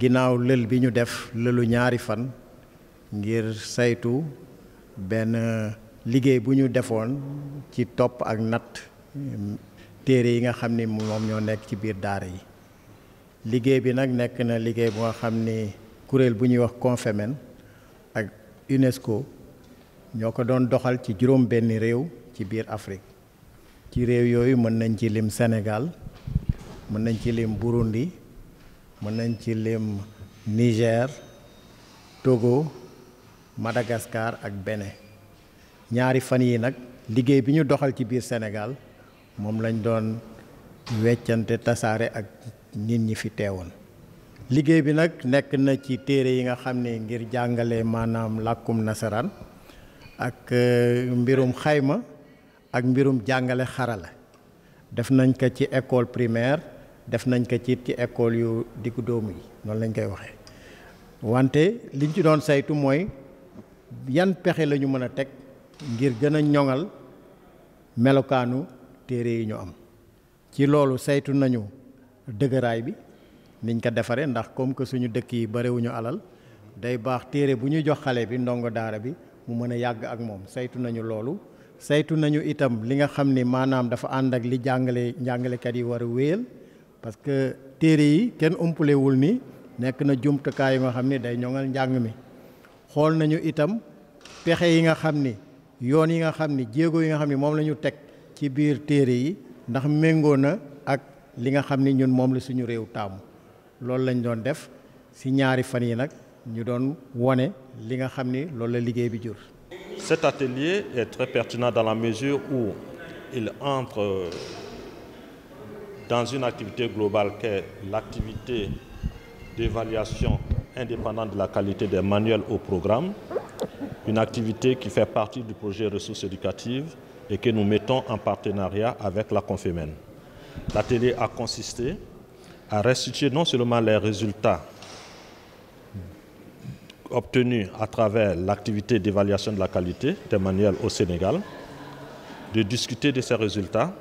ginnaaw lël bi ñu def lëlu ñaari fan ngir saytu benn liggéey bu ñu defoon ci topp ak natt téere yi nga xam ni moom ñoo nekk ci biir daara yi liggéey bi nag nekk na liggéey bu nga xam ni kuréel bu ñuy wax Confamen ak UNESCO ñoo ko doon doxal ci juróom benn réew ci biir Afrique ci réew yooyu mën nañ ci lim Sénégal mën nañ ci lim Burundi mën nañ ci lim Niger Togo Madagascar ak Benin ñaari fan yi nag liggéey bi ñu doxal ci biir Sénégal moom lañ doon weccante tasaare ak nit ñi fi teewoon liggéey bi nag nekk na ci téere yi nga xam ne ngir jàngale maanaam làkkum nasaraan ak euh, mbirum xayma ak mbirum jàngale xarala def nañ ko ci école primaire def nañ ko ciit ci école yu diggu dóomu yi noonu lañ koy waxee wante li ci doon saytu mooy yan pexe lañu mën a teg ngir gën a ñoŋal melokaanu téere yi ñu am ci loolu saytu nañu dëgëraay bi niñ ko defaree ndax comme que suñu dëkk yi barewuñu alal day baax téere bu ñu jox xale bi ndongo daara bi mu mën a yàgg ak moom saytu nañu loolu saytu nañu itam li nga xam ni maanaam dafa ànd ak li jàngale jàngalekat yi war a wéyal parce que téré yi kenn wul ni nek na jumtukaay yi nga xamni day ñongal njàng mi xool nañu itam pexé yi nga xamni ni yoon yi nga xamni ni jéego yi nga xamni mom lañu la ci biir téré yi ndax méngoo na ak li nga xamni ñun mom la suñu réew taamu loolu lañ doon def ci ñaari fan yi nag ñu doon woné li nga xamni lool la liggéey bi jur. Cet atelier est très pertinent dans la mesure où il entre dans une activité globale qui est l'activité d'évaluation indépendante de la qualité des manuels au programme, une activité qui fait partie du projet ressources éducatives et que nous mettons en partenariat avec la Confémen. L'atelier a consisté à restituer non seulement les résultats obtenus à travers l'activité d'évaluation de la qualité des manuels au Sénégal, de discuter de ces résultats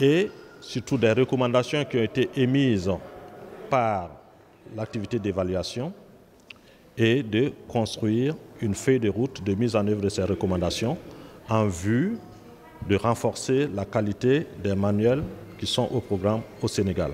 et surtout des recommandations qui ont été émises par l'activité d'évaluation et de construire une feuille de route de mise en œuvre de ces recommandations en vue de renforcer la qualité des manuels qui sont au programme au Sénégal.